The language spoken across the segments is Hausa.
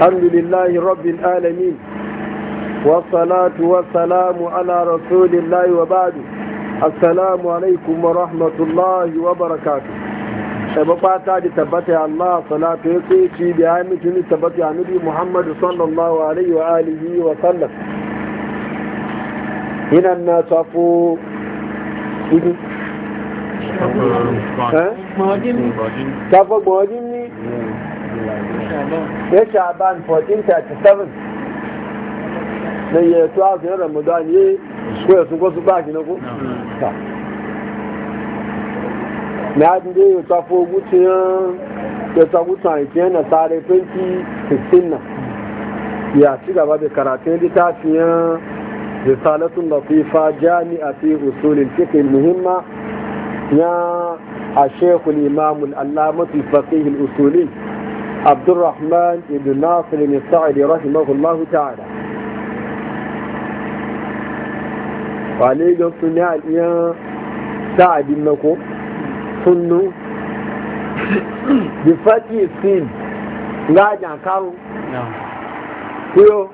الحمد لله رب العالمين والصلاة والسلام على barakatu الله وبعد السلام عليكم ورحمة الله وبركاته sabu fata da tabbata ya Allah salatu ya tsaye ci da ya mutu ni tabbata ya nubi alaihi wa alihi wa sallam ya shaban 1437 da ya yato a zai ramadan ya ko ya suko su baki na ko? na yadda da ya tafi guciyar ya tafi tsanke na tsare 2016 na ya ci gaba da karatun littafiyar risalatun latifa jami'a fi usulin cikin muhimma ya a shekul imamul allah mafi fasihin usulin عبد الرحمن بن ناصر السعدي رحمه الله تعالى وعليه سنة الإيان سعد النكو سنو بفتح السين لا راجع كارو كيو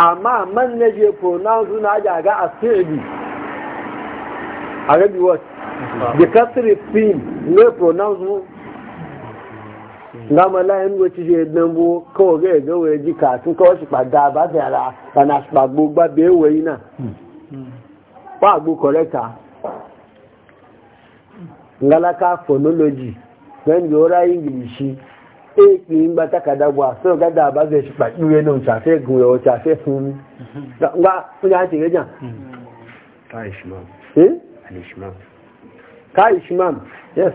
أما من نجي pronounce ناجع السعدي عربي وات بكثر السين لا pronounce gama láyín ló ti ṣe dánwó kọ́wọ́ rẹ̀ gẹ́wọ̀ ẹjí kàtún kọ́wọ́ sì pàdá àbáfẹ́ ara ọ̀nà àṣìpàgbò gbábẹ́ ẹ̀wẹ̀ yìí náà pàgbò kọ̀rẹ́ta ngalaka phonology wẹ́n yóò rá èèkì ń gba àbáfẹ́ náà yes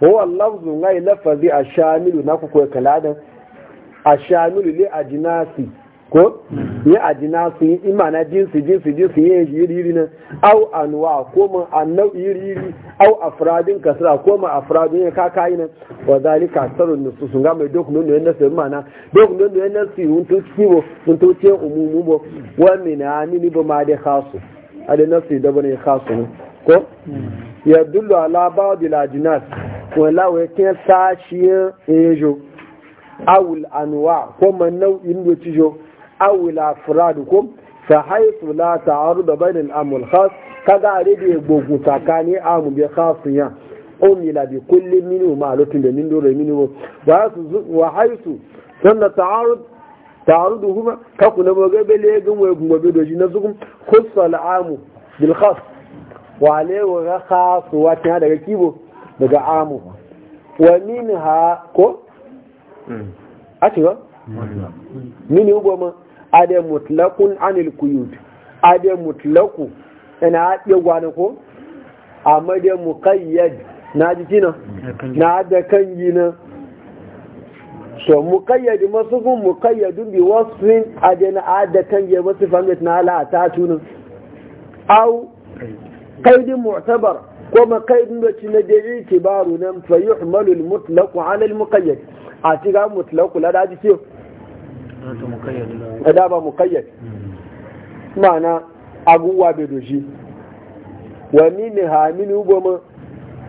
huwa lafzu ngai lafazi a shamilu na kuka kaladan a shamilu ne a jinasi ko ni a jinasi yi imana jinsi jinsi jinsi yin yiri yiri nan au anwa koma a annau yiri yiri, au afradin kasra ko mun afradin ya kaka yi nan wa zalika sarun nusu sun ga mai dokumen ne na sai mana dokumen ne na si mun to ciwo mun to ce umumu bo wa min amini bo ma de khasu ada nafsi da bane khasu ko ya dullu ala ba'd al ajnas wala wa ke shi ejo awul anwa ko man nau indo tijo awul afrad ko fa haythu la ta'arud bain al am al khas kaga arede gbogbo takani am bi um ila bi kulli min ma lutin da min do re wo wa wa haythu sanna ta'arud ta'aruduhuma kakuna bogabe le gun wa gun bobe doji na zugun khussa al am bil khas wale wa khasuwa tana daga kibo daga amu wa ha ko hmm. a ci ba mini goma ade mutlaqun anil quyud ade mutlaqu ina haɗe gwana ko amma dai muqayyad na ji kina na da kan gina so muqayyad masufun muqayyadun bi wasfin ade na ada kan gina masufan na ala ta tunan au kaidin mu'tabar كما قيد da ندعي na dai itibaru nan fa yuhmalu al-mutlaq ala al-muqayyad a ci ga mutlaq la da ji ce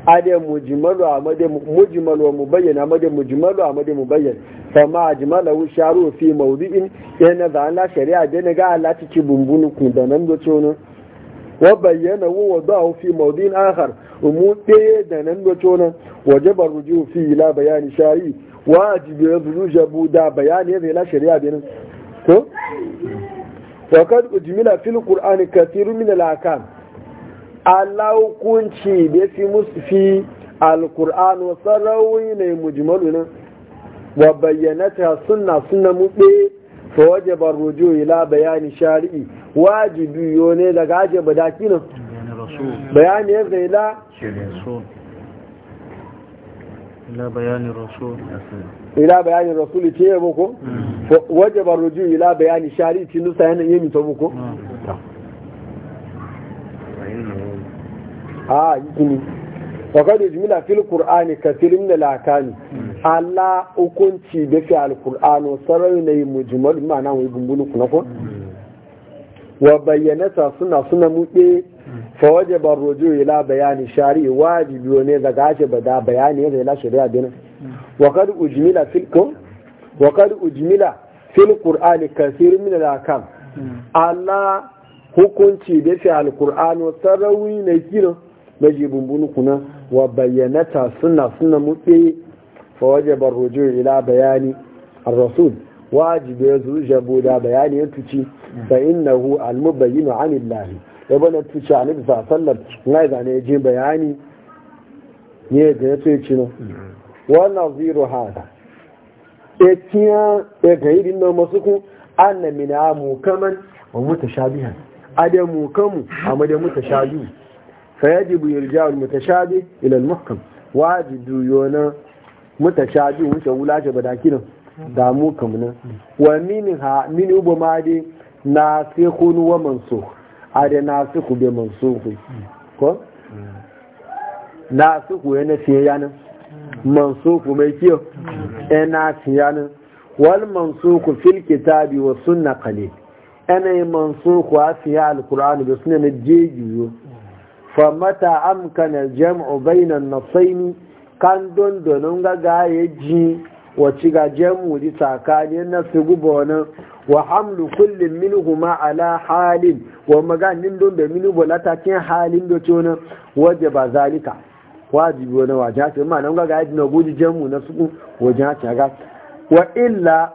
ade mujmalu amade mujmalu wa amade mujmalu amade mubayyan fa ma sharu fi mawdi'in yana da shari'a da ga Allah ci bumbunu da nan wa bayyana wa wada'u fi mawdin akhar umu ɗaya da nan da tona wajaba ruju fi ila bayani shari wajibi rujabu da bayani zai la shari'a bin ko wa kad ujmila fil qur'ani kathirun min al ahkam alau kunci da fi musfi al qur'an wa sarawi ne mujmalun wa bayyanata sunna sunna mubbe fa wajaba ruju ila bayani shari'i wajibi yo ne daga aje badaki nan bayani ya zai la ila bayani rasul ila bayanin rasul ce yabo ko hmm. waje ba ruju ila bayani shari'a? ci nusa yana hmm. yi mito muku a yi wakadu jimila fil qur'ani kathirin da lakani hmm. ala hukunci da fi alqur'ano sarari ne mujimar ma'ana wai gumbulu kuna wa bayyanata suna suna muke fawaje ban rojo ila bayani shari wajibi ne daga ake bada bayani yadda ila shari'a dina wa kad ujmila fil kun wa kad fil qur'ani kathir min al akam ala hukunci da fi al qur'an sarawi ne kino maji bumbunu kuna wa bayyanata suna suna muɗe fawaje ban rojo ila bayani ar rasul wajibi ya zuru jabo da bayani ya tuci fa innahu almubayyinu anillahi ya bane tuci a nabi sallam yi zane ya je bayani ne ga ya tuye cino wannan hada ya e etiya ya e ga irin na masu ku na mina mukaman wa mutashabihan adamu kamu sha da ilal فيجب يرجع المتشابه muta المحكم واجب يونا متشابه وشولا ba كده damu kamuna wa mini ha mini ubo ma di e e na sai kunu wa manso a da na su ku be manso ku ko na su ku yana fiye yana manso ku mai kiyo yana fiye yana wal manso ku fil kitabi wa sunna qali ana e yi manso ku a fiye alkur'ani bi sunna na jejiyo fa mata amkana jam'u bainan nasaini kan don donon gaga ya ji wacce ga jemuri tsakanin na su guba wani wa hamlu kullum minuhu ma ala halin wa maganin don da ta latakin halin da ce wani wadda ba zalika wajibi wani wajen haka ma nan gaga yadda na guji jemu na su wajen haka ga wa illa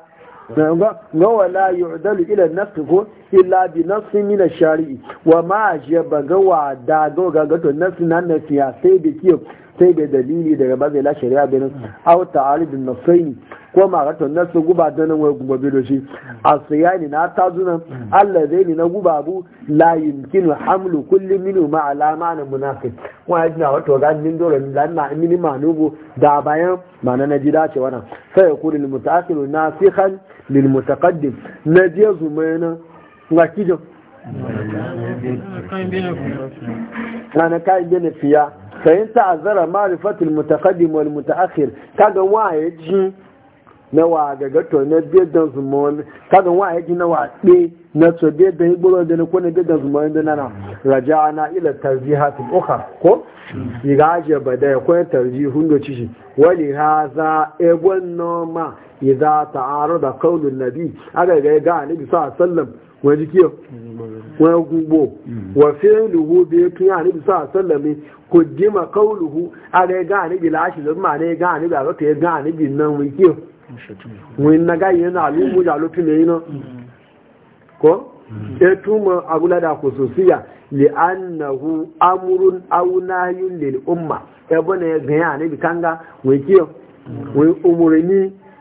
ga wala yu'dalu ila nafsi ko illa bi nafsi min ash-shari'i wa ma ajaba ga wa da ga ga to nafsi nan nafiya sai da kiyo sai bai dalili daga ba zai la shari'a binin aw ta'aridun nasaini ko ma raton nasu guba da nan wai guba bi shi asiyani na zuna Allah zai ni na guba bu la yumkinu hamlu kulli minu ma alama na munafiq wa jina wato ga min dole dan na mini manubu da bayan mana na ji dace wannan sai yakulu lil nasikhan lil mutaqaddim na je zumaina ga kijo ana kayan gina fiya ta azara marifatul mutaqaddim wal mutaakhir kaga waye ji na wa gaga to na bedan zumon kaga waye ji na wa de na to bedan igboro da ko na bedan zumon da nana raja'ana ila tarjihat al ukhra ko igaje bada ko tarjihun hundo cishi wali haza ebon noma idza ta'arada qawlu nabi aga ga ga nabi sallallahu alaihi wasallam wọ́n di kí ọ wọ́n gbogbo wọ́n fẹ́ lùhú bí i tún àníbi sọ àṣọ́lẹ̀mí kò jí ma kọ́ lùhú ààrẹ gán àníbi láàṣì ló máa rẹ gán àníbi àlọ́tẹ̀ gán àníbi náà wọ́n kí ọ wọ́n nagá yẹn náà ló mú náà kọ́ kò sọ anahu amúrún awúnáyún lè ọmọ ẹbọn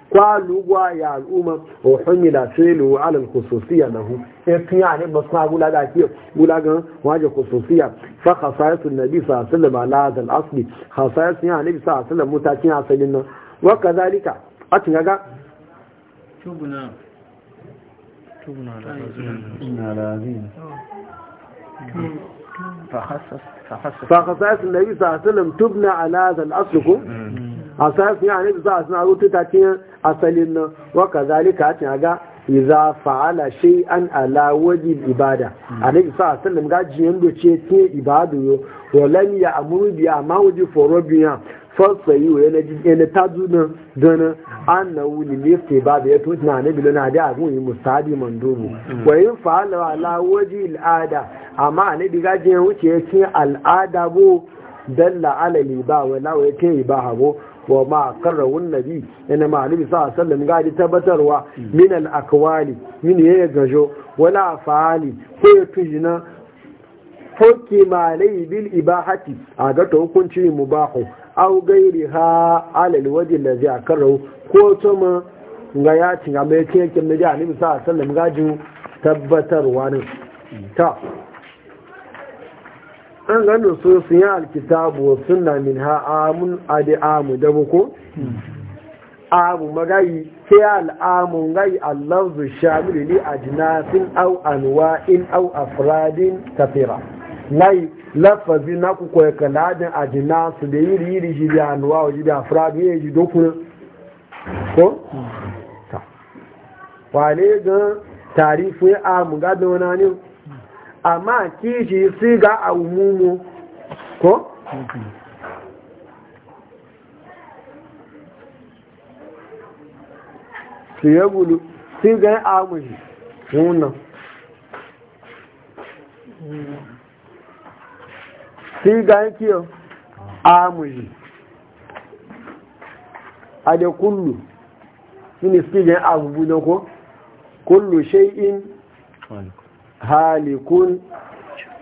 kwalugwa ya al'umma wa humila filu ala al-khususiyya lahu in tun ya ne basu gula da ke gula ga waje khususiyya fa khasayatu nabi sallallahu alaihi wasallam ala asli khasayatu ya nabi sallallahu alaihi wasallam mutakin asalin nan wa kadhalika a tun ga tubuna tubuna fa khasas fa khasas fa khasayatu nabi sallallahu alaihi wasallam tubna ala asli a sassan yana za a suna rutu ta cikin asalin nan waka zalika cin ga iza fa'ala shi an ala waji ibada a sa a sallam ga jiyan doce ce ibadu yo walam ya amuru biya amma waje foro biya fasayi wa yana jin yana ta na dana an na wuli lifte ba da ya to na nabi lana da abun yi musabi mandubu wa yin fa'ala ala waji al'ada amma a nabi jiyan wuce ya ce al'ada bo dalla ala liba wa lawa ya ce bo wa ma karrawun nabi ina ma alibi sa sallam gadi tabbatarwa min al akwali min ya gajo wala fa'ali ko ya tujina hukki ma bil ibahati a to hukunci mubahu aw gairiha ala al wajen da zai ko to ma ga ya ci ga mai kin da alibi sa sallam gadi tabbatarwa ne ta an gano so sun yi alkitabu suna min ha'amun adi'amu da buku abu magayi sai al'amun gai allazu ne a jinafin au in au afradin tafira. lai lafazi na ku koyi kaladin ajinasu da yiri yiri shi da anuwa wa shi da afradin ya ji dokunan ko? ta wane ga tarifin amu gadon wani amma kishi su ga a umumu ko? su ya gudu su ga a amushi wunan su ga kiyo amushi a da kullu su ne su ga abubu na ko? kullu shai'in halikun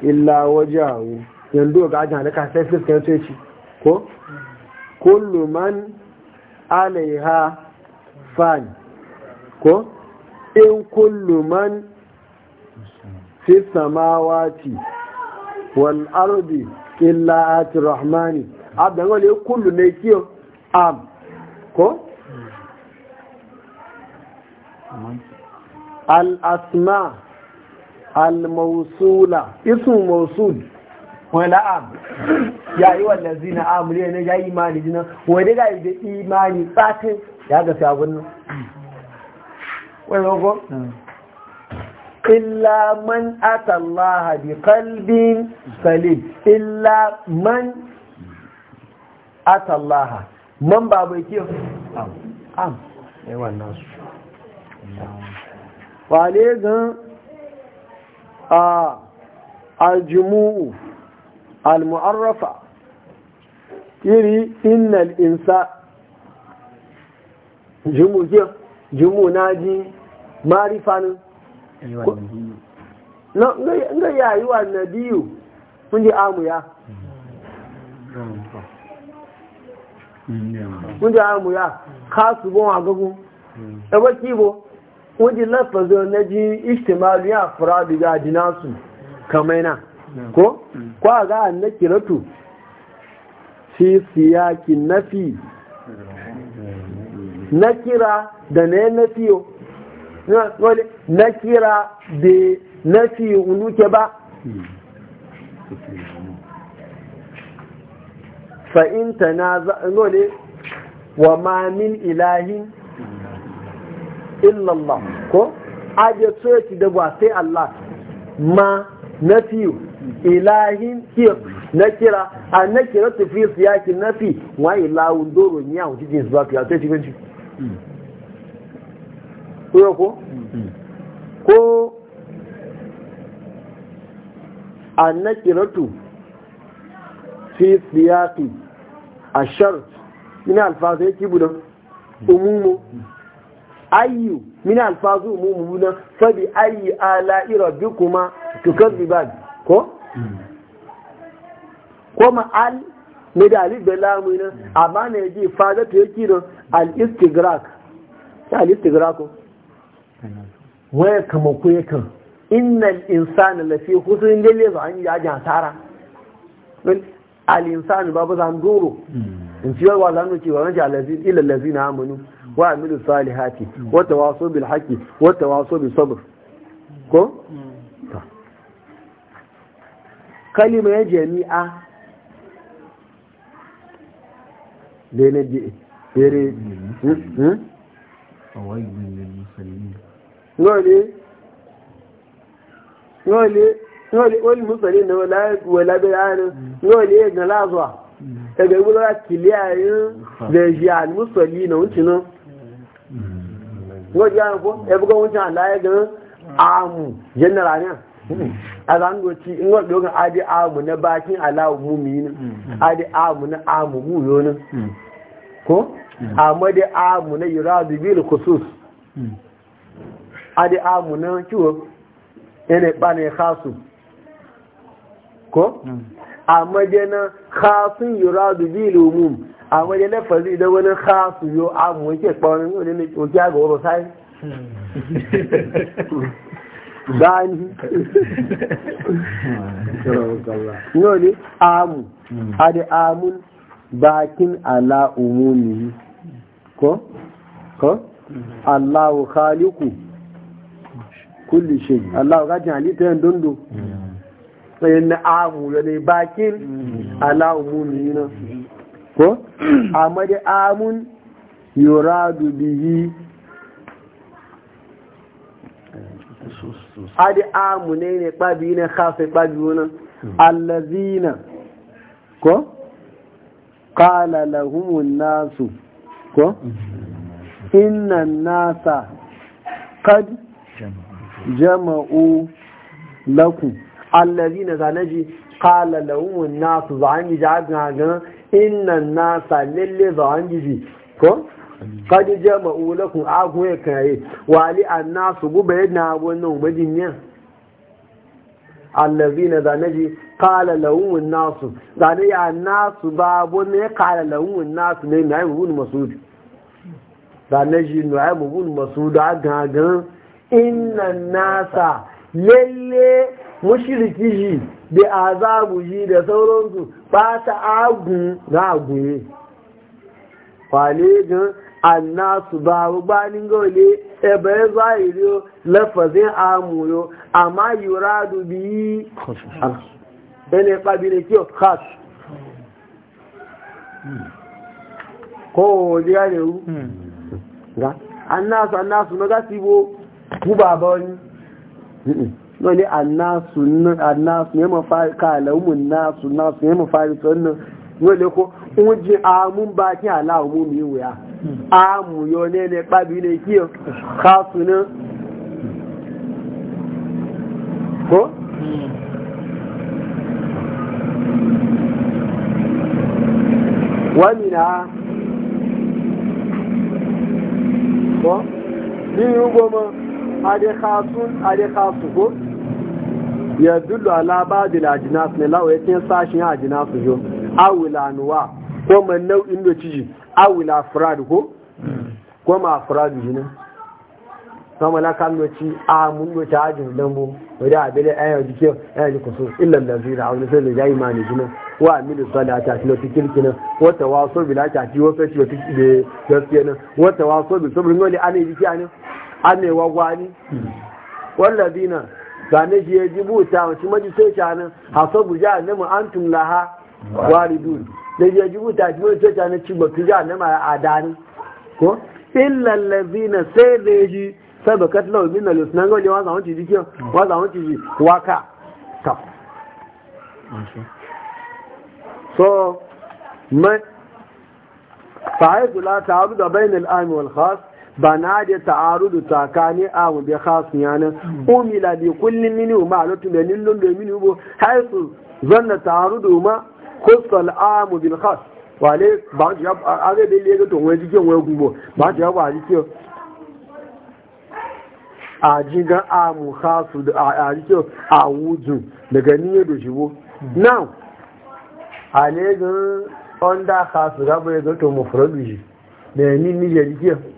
illa wajahu yanzu ga ajin halika sai fuskar ce ko kullu man alaiha fan ko in kullu man fi samawati wal ardi illa ati rahmani abdan wale kullu ne kiyo am ko al asma' al-mausula ismu mausul wala am, ya yi wa na amuri ne ya yi imani jina wani ga yi da imani tsakin ya ga sabon nan wani ko illa man atallaha bi qalbin salim illa man atallaha man ba bai ke am am ne wannan su wale gan a aljimu'u almu'arrafa iri innal insa Jumu'u jimu na ji marifanin nga yayi wa nabiyu kun ji amu ya kun ji amu ya kasu bon agagun ebe kibo wajen lafazo na ji ishtimalu ya fura daga jinasu kamai na ko kwa ga an na kiratu fi siyakin nafi na kira da na yi na fiyo na kira da na fiyo unuke ba fa'inta na za'anole wa ma min ilahin illallah ko aje tsoci da ba sai Allah ma na fiye ilahin ki na kira a na kira su fi su yaki na fi wa ilahun doro ni a wuce jinsu ba fiye a ce ganci ko ko a na kira tu fi yaki a shart ina alfasa ya ki budan umumu ayyu min alfazu mumuna fa bi ayyi ala rabbikuma tukadziban ko ko ma al ne da alif da ne amma ne ji fada to yake don al istigrak ta al istigrak ko waya kama ku yakan innal insana lafi husrin lalle za an yi ajin asara al insanu babu zan duro hmm. in wa zan cewa wani jalazi ilal lazina amanu wa amilu salihati wata tawaso bil haqqi wata tawaso bis sabr ko kalima ya jami'a da na je fere wani musulmi na wala bayanin wani ya gala zuwa hmm. daga yi wula kiliyayen da ya ji al-musulmi na wọ́n yára fún ẹgbẹ́ oúnjẹ àláyé gan ààmù jẹ́nàrà náà a zan doci in wani dogon adi amu na bakin alawu mumi ne adi amu na amu muyo ne ko amma da amu na yuradu bil khusus adi amu na kiwo yana e bane khasu ko amma da na khasun yuradu bil umum àwọn ẹlẹ́fẹ̀ẹ́ sí ìdánwò ní káàsù yóò àmú ike pọnrin ní onílé òkè àgọ́ ọ̀rọ̀ sáyé báyìí yóò ní àmú àdé àmú bákin aláhùnmú nìyí kọ́ kọ́ aláhù khaliku kulli shay aláhù kájìn àlítẹ́ ẹ̀ndóńdó hmm. ẹ̀yẹn ní àmú yóò ní bákin hmm. aláhùnmú nìyí ko amma da amun yuradu bihi adi amu ne ne kpabi ne khafe kpabi wona hmm. allazina ko qala an nasu ko hmm. inna nasa qad jama'u lakum allazina zanaji qala lahumun nasu zani jagan inna nasa lalle an gizi ko kadi jama ulakun agun ya kaye wali annasu guba yadda allazi na zane ji kala launin nasu zane ya nasu babu ne kala launin nasu ne na yi mubun zane ji na yi mubun masu da gagan inna nasa lalle mushiriki ji da azabu ji da sauransu ba ta agun na agunye kwale gan annasu ba gbanin gaule ebe zahiri lafazin amuyo amma yuradu biyi ene kabile kiyo khas ko diga ne wu hmm. ga annasu annasu na gasi bo ku baba wani wani annasu annasu ne mafari kalaumun nasu nasu ne mafari sannan wani ko wujin amun baki alawu mu mi wuya hmm. amu yo ne ne kpabi ne kiyo kasu ne ko wani na ko ni yi goma ade khasun ade khasu ko ya dullu ala ba'd al ajnas ne lawo yake sashin ajnas jo awila nuwa ko man nau'in da ciji awila furad ko ko ma furad jina kama la kan no ci a mun no ta ajin dan bo wada abele ayo dike ayo dike so illa allazina aw nasal ya imani jina wa amilu salata tilo tikirkina wa tawasul bil akati wa fa tilo tikire gaskiya nan wa tawasul bil sabrin wali ani dike ani anewa gwani na. zane shi ya ji buta wasu majisai canin hasa guja na mu an tumlaha waridun da ya ji buta shi majisai canin ci ba tuja na ma adani ko illallazi na sai da ya ji saboda katlawa min na lusunan gaule wa zawon ciji kiyo wa zawon ciji waka ta so mai fa'aikula ta abu da bayan al'ami wal khas Bana da ta'arudu tsakani a mu bi khasu yana umila bi kulli mini ma lutu da lillun da mini bo haisu zanna ta'arudu ma khusal amu bil khas wale ba ji a ga dai le to wai jikin wai gumbo ba ji ba ji ke a jiga amu khasu a ji ke a wujun daga niyyar da shigo now a ne ga onda khasu ga bai ga to mufradu shi da ni ni jariya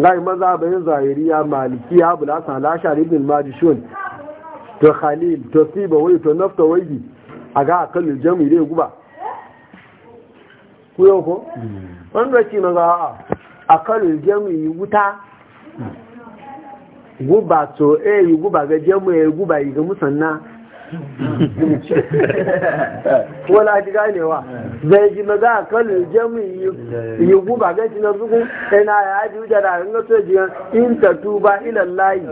ngai maza ya maliki bayan zahiriya malikiya bulasan lashar ibn majishun to khalil to siba wai to nafta wai a ga akalin jami dai guba ku yau ko hmm. wanda ci maza a akalin jami wuta guba to eh guba ga jami guba yi ga musanna wala ji ganewa zai ji maza a kan jamu yi guba ga shi na zuku ina ya ji da rarin na soji in ta tuba ilan layi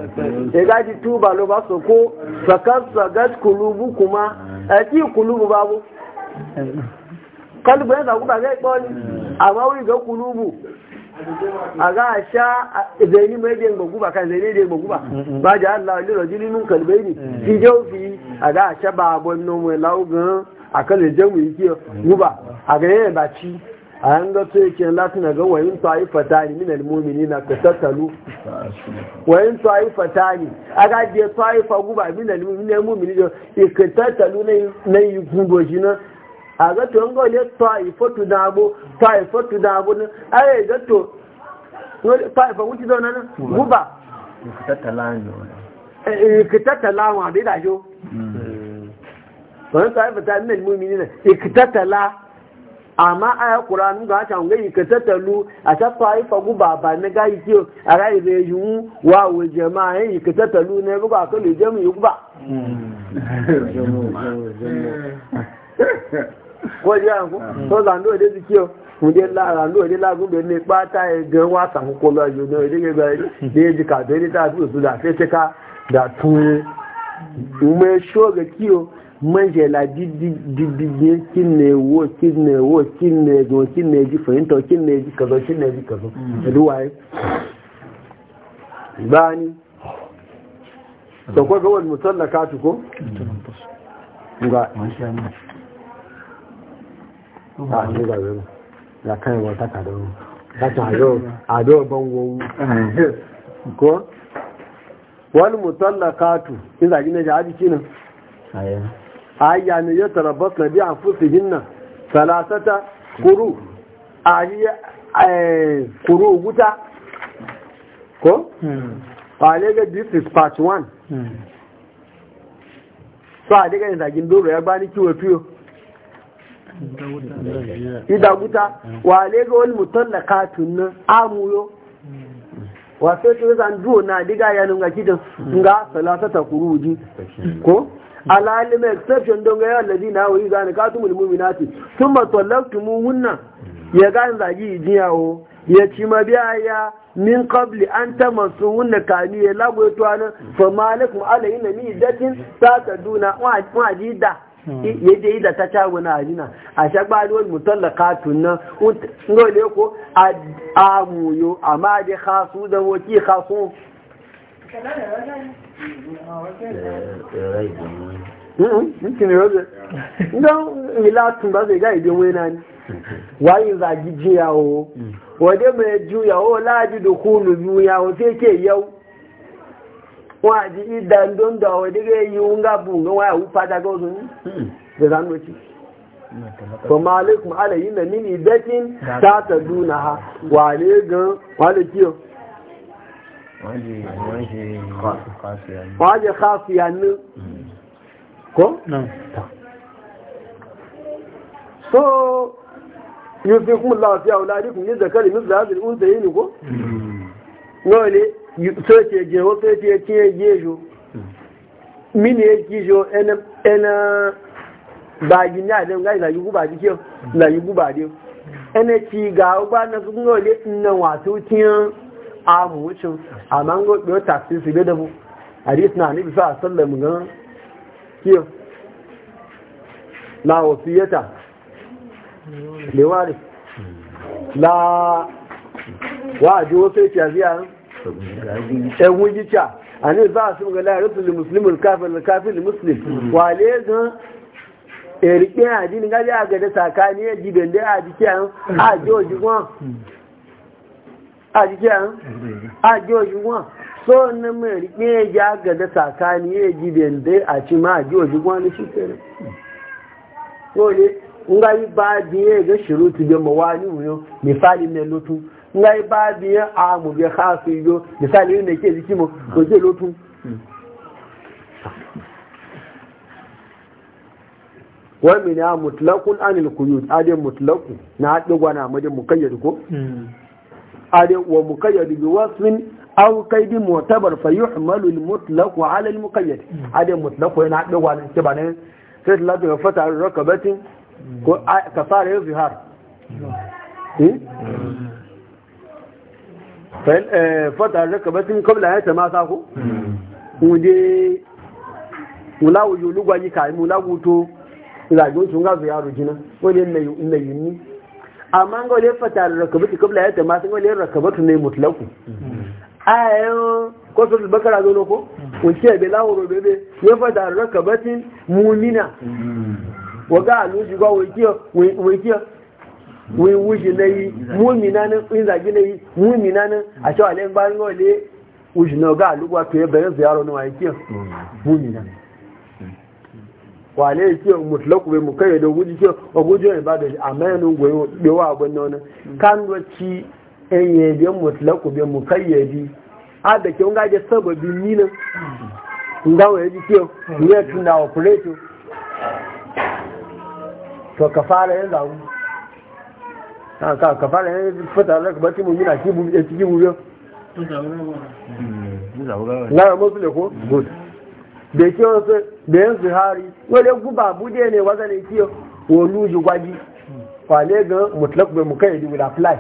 ya gaji tuba lo ba so ko sakar sagas kulubu kuma a ti kulubu babu kalbu yana guba ga ikpoli amma wuri ga kulubu a za a sha zai zaini mai biyan guba kan zaini da guba ba ji Allah lillahi rajulin min kalbaini fi jawfi a ga ce ba abun nomo laugun a kan da jamu yi kiyo guba a ga yana ba ci a yan ga to yake lati na ga wayin to ayi fatani min almu'mini na ka tattalu wayin to ayi fatani a ga je to ayi fa guba min almu'mini almu'mini da ka tattalu na yi gubo shi na a ga to an ga le to ayi fatu da abu to ayi fatu da abu na ai ga to to ayi fa wuti da nan guba ka tattala ne e, ka tattala wa da jo wani sa haifata min mumini na iktatala amma a ya kuranu ga can ga iktatalu a ta haifa guba ba na ga yi a rai zai yi wu wa wa jama'a yin yi guba ko ji an ku zando da su kiyo dai la zando da la ne e ga wa san ko la yo ne ka ta su da ka da tun mu me kiyo manjela la kinne wo kinne wo kinne zo kinne ji fahimta kinne ji kazo kinne ji kazo ruwaye mm. eh? bani da kwa ga wani musallaka tu ko? ga a ah, mm. ne ga zama ya kan wata kadon kata yau a do bango ko wani ayya ne ya tarabbas na biya fusi hinna salasata kuru ayya kuru wuta ko? kwalega this is part one so a daga yin zagin doro ya gbani kiwo fiyo ida wuta walega wani mutum da katun nan amuyo wasu ya ce zan duwo na diga yanin ga kidan ga salasata kuru wuji ko? alalim exception don gaya allazi na wuri gane katumul muminati sun matallaktu mu hunna ya gane zagi jiyawo ya ci ya min qabli an tamassu hunna kani ya lagoye tuwanin fa malakum alayhi na mi datin ta ta duna wajida hmm. ya je yi da ta cago na ajina a shagbari wani mutum da katun nan ngole ko a muyo amma da khasu da waki khasu Nkin roze. Ndon milatun ba zai ga ibe wena ni. Wayin ya jiyawo. Wade mai juyawo laji da kunu juyawo sai ke yau. Waji idan don da wade ga yi wunga bunga waya wufa da gozo ni. Da zanoci. Kuma alaikum yi na min idatin ta ta duna ha. Wale gan wale kiyo. wọ́n ya ni? Ko kó? so yóò kuma kún láàfíà ọ̀láríkùn ní zakari ní da ń tẹ̀yìn ní kó? náà lè hmm. tó ṣe jẹ́ ó tó ṣe kí mini ya ki ena bagi báyìí ní àdẹ́m gáyìí láyé gúbà dí kí ọ láyé gúbà dí ọ hmm. ẹna ti gà ọgbà náà fún náà amu wucin a man gobe su da mu na kiyo la wa ji wasu yake aziya ɗan a za a sun ga kafin kafin wale gan erike adini gaji a gada sakani ya ji bende a a ji àjíjẹ́ na àjẹ́ òṣùwọ̀n tó ní mẹ́rin pé ẹjẹ́ agẹ̀dẹ́ kàkà ní èjì bẹ̀ǹdẹ́ àti máa jẹ́ òṣùwọ̀n ní ṣíkẹ̀rẹ̀ tó lè ngáyí bá bí ẹgbẹ́ ṣòro ti jẹ mọ̀ wá ní ẹlótún ní ẹkẹ́ ìdíkí lotu. Wani ne a kuyut na haɗe gwana ko wa muqayyad bi wasfin aw qaid mu'tabar fa yuhmalu al mutlaq ala al muqayyad ade mutlaq yana da wani ce ba ne sai da ga fata rakabatin ko kafara yuzhar hmm? eh, fata rakabatin qabla ya tamasa ko wuje hmm. mulawu yulugwa yi kai mulawu to ila gonsu ga ziyaru jina wani ne ne yini amma ga wale fata da rakabatu kabla ya tama sun wale rakabatu ne mutlaku ayan ko sun bakara zo ko wuce be lawo robe be ya fata da rakabatin mumina waga aluji ga wakiyo wakiyo wuji na yi mumina nan in zagi na yi mumina nan a cewa lai bayan wale wuji na ga alugwa to ya bayan ziyaro na wakiyo mumina wale ke mutlaku bai mukai da guji ke a guji ne ba da amanu goyo bewa abun nan kan wacce en yebe mutlaku bai ya mukayyadi a da ke nga je sababin nina nan nga wa yaji ke ne tuna operate to kafara yan zawo ka ka kafara yan fata da ka bati mu yana ki bu ki bu yo na mu fule ko good da ke wasu da yin zuhari wale guba bude ne waza ne ke wolu ji gwaji kwale ga mutlak bai muka yi da fly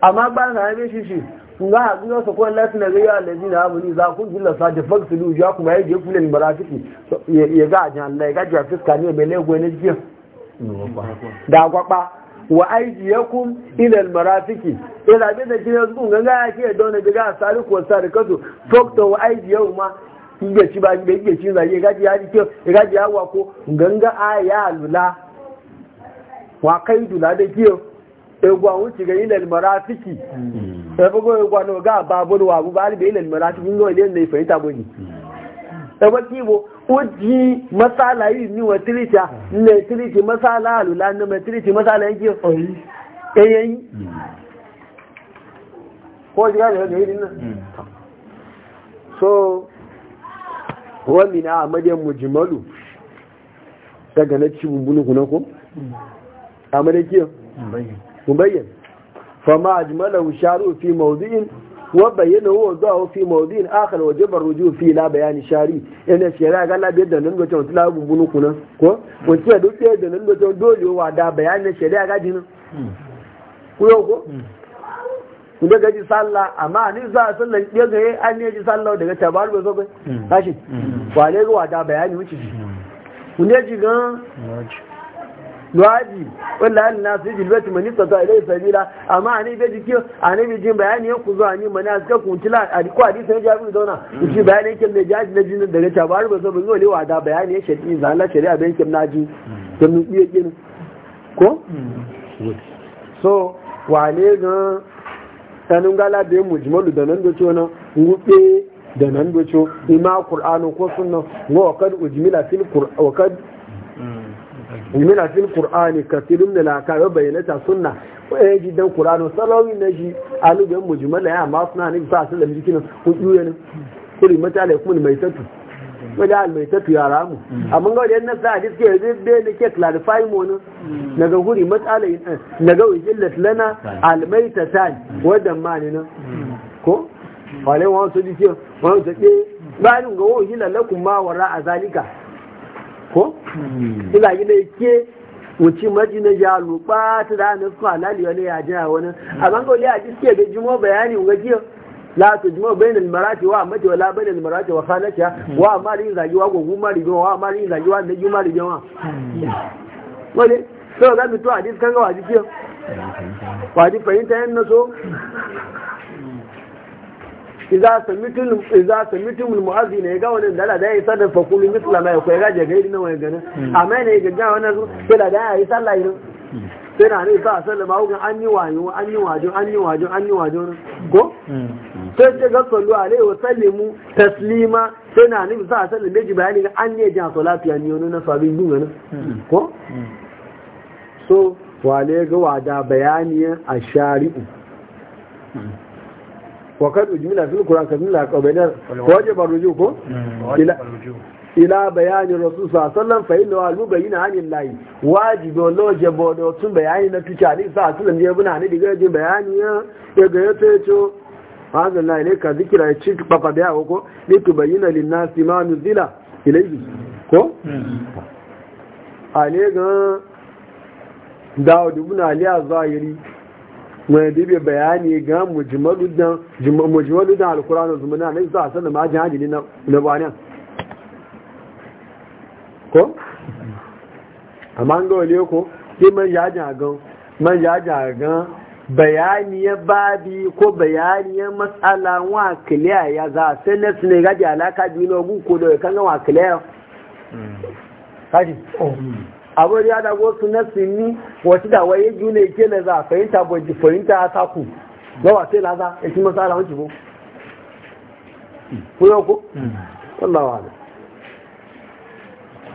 amma ba na haife shi shi nga ha zuwa su kwan lati na gaya alazi na amuni za ku jilla sa da faksu lu ya kuma ya je kulen marafiki ya ga ajin Allah ya ga jiya fiska ne mai lagos ne jiya da gwaba wa aidiyakum ila almarafiqi ila bi da kire su ganga yake don da ga sari ko sari kasu fakta wa aidiyuma gbeci ba bai gbeci zage gaji ya gaji ya wako ganga wa dula da kiyo egwa wuce ga ilal marafiki sai hmm. egwa e no ga wa bu marafiki ngo ile ne fahimta boni sai hmm. ba e kibo uji masala yi ni wa tilita ne tiliti masala alula ne tiliti ji ga wani na amadiyan mujimalu daga na ci bumbulu kuna ko amadiyan kiyo mubayyan fama ajmalahu sharu fi mawdi'in wa bayyana huwa zuwa fi a akhar waje jabar ruju fi la bayani shari ina shi ga la biyar da nan gotan tula bumbulu kuna ko wace duk da nan gotan dole wa da bayanin shari'a gajinan dinan mm. ku yau ko mm. inda ga ji sallah amma ni za a sallah ya ga yi an ji sallah daga tabar bai zobe kai mm. tashi kwale mm. ga wada bayani wuce ji mm. kun ji gan waji wanda an nasu yi jilbeti mani sata ta ilai sabila amma ani bai jiki a bai jin bayani ya ku zuwa ni mani a suka kunci la a ko hadisi ne jabi zauna shi bayanin yake da jaji na jin daga tabar bai zobe zuwa lewa da bayani ya shaɗi za zalla shari'a bayan yake na ji kin iya kin ko so wale gan sanin gala da yin mujmalu da nan doce wani wuɓe da nan doce ima qur'anu ko sunna wa waƙar ujmila fil wa kad ujmila fil qur'ani kathirun bayyana ta, suna bayanata sunna wa yaji dan salawi na shi alu da mujmala ya ma sunna ne sa sallam jikin ku yanin kuri mata alaikum mai tatu wajen mai tafiya ramu mm. amma ga wajen nasa hadis ke yanzu bai da ke clarify mu ne mm. na ga huri matsalai eh, na ga wajen latlana almai ta sani mm. wadda ma ne nan ko wale wani su dike wani su ke bayanin ga wajen lalakun ma wara a zalika ko ina gina ke wuce maji na ja lupa ta da na su halali wani ya jina wani amma ga wajen hadis ke da jimo bayani ga jiya la su jima bainal marati wa amati wala bainal marati wa khalatiha wa amari zagiwa gogu mari biwa wa amari zagiwa na ju mari biwa wale so ga mi to hadis kan ga waji kiyo waji fahimta yan na so idza samitum idza samitum almu'adhdhin ga wannan dala da yi sadar fa kullu misla ma ya ga je gairi na waya gana amma ne sai na nufi a sallama hukun an yi wa an yi wajen an yi wajen an yi wajen ko? sai ce ga sallu alaihi wa sallimu taslima sai na nufi sa sallam da ji bayani ga an yi jan salatu ya yau na sabi yi wani ko? so wale ga wada bayaniyan a shari'u wakar ujimila fil kuran kasmin la kabaidar wajen barujo ko? Hmm. ila bayani rasul sallallahu fa inna al mubayyina anil lahi wajibu lo je bodo tun bayani na tuka ni sa tun je buna ni diga je bayani ya ga yato yato hazan la ilaika zikra ya ci papa da ko ni tubayyina lin nas ma nuzila ilayhi ko ale ga dawud ibn ali az-zahiri mai bibe bayani ga mujmalu dan mujmalu dan al na zumana ne sa sanan ma jihadi ne na bayanan ko amma an ga wale ko sai man yajin gan man yajin gan bayaniyar babi ko bayaniyar matsala wa kiliya ya za a sai na sinai gaji alaka biyu na ogun ko da kan wa kiliya kaji abu abin ya da wasu na sinni wasu da waye juna ke na za a fahimta bai fahimta ya saku na wa sai laza ya ci matsala wancin ko ko yau ko hmm. wa ne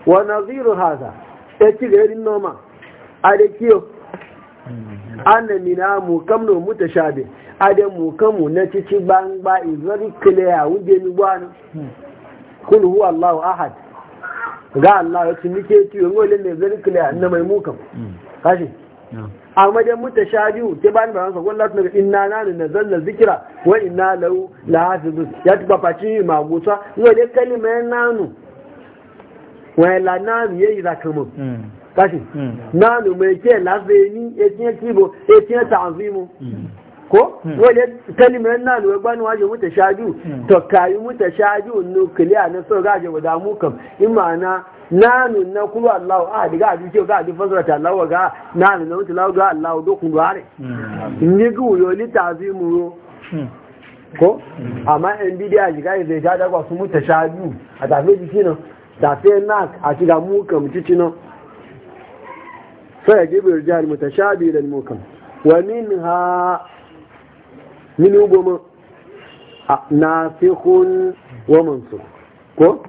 wa naziru haza E ci yarin noma a da kiyo na nina mu kam no mutashabi ade mu kamu na cici bangba is very clear wuje ni gwanu kul huwa allah ahad ga allah ya ke ti ngo le ne very clear na mai mu kam kashi amma dai mutashabihu ke ba ni ba sa wallahi na inna nanu nazalna zikra wa inna lahu lahafizun ya tuba faci magusa ngo le kalimar nanu wọ́n la náà yé ìlàkànmọ̀ káṣì náà nù mọ̀ ètí ẹ̀ láfẹ́ ní etí ẹ̀ kíbo etí ẹ̀ tààfin mu hmm. ko hmm. wọ́n lè kẹ́lí mẹ́rin náà hmm. nù ẹgbẹ́ ní wájú mútẹ̀ ṣáájú tọ̀kàrí mútẹ̀ ṣáájú nù kìlẹ̀ àná sọ̀rọ̀ gáàjẹ̀ wọ̀dà mú kàn ìmọ̀ àná náà nù ná kúrò aláwọ̀ àdì gáàdì tí ó gáàdì fọ́sọ̀rọ̀ tà láwọ̀ gá náà nù náà láwọ̀ gá aláwọ̀ dókun rárẹ̀ nígbù yóò ní tààfin mu ro ko amma ndidi a shiga ya zai su àtàfẹ́ tafe nak a shiga mu cici nan sai ya gebe sha biyu da muka wa min ha min goma na hun wa su. ko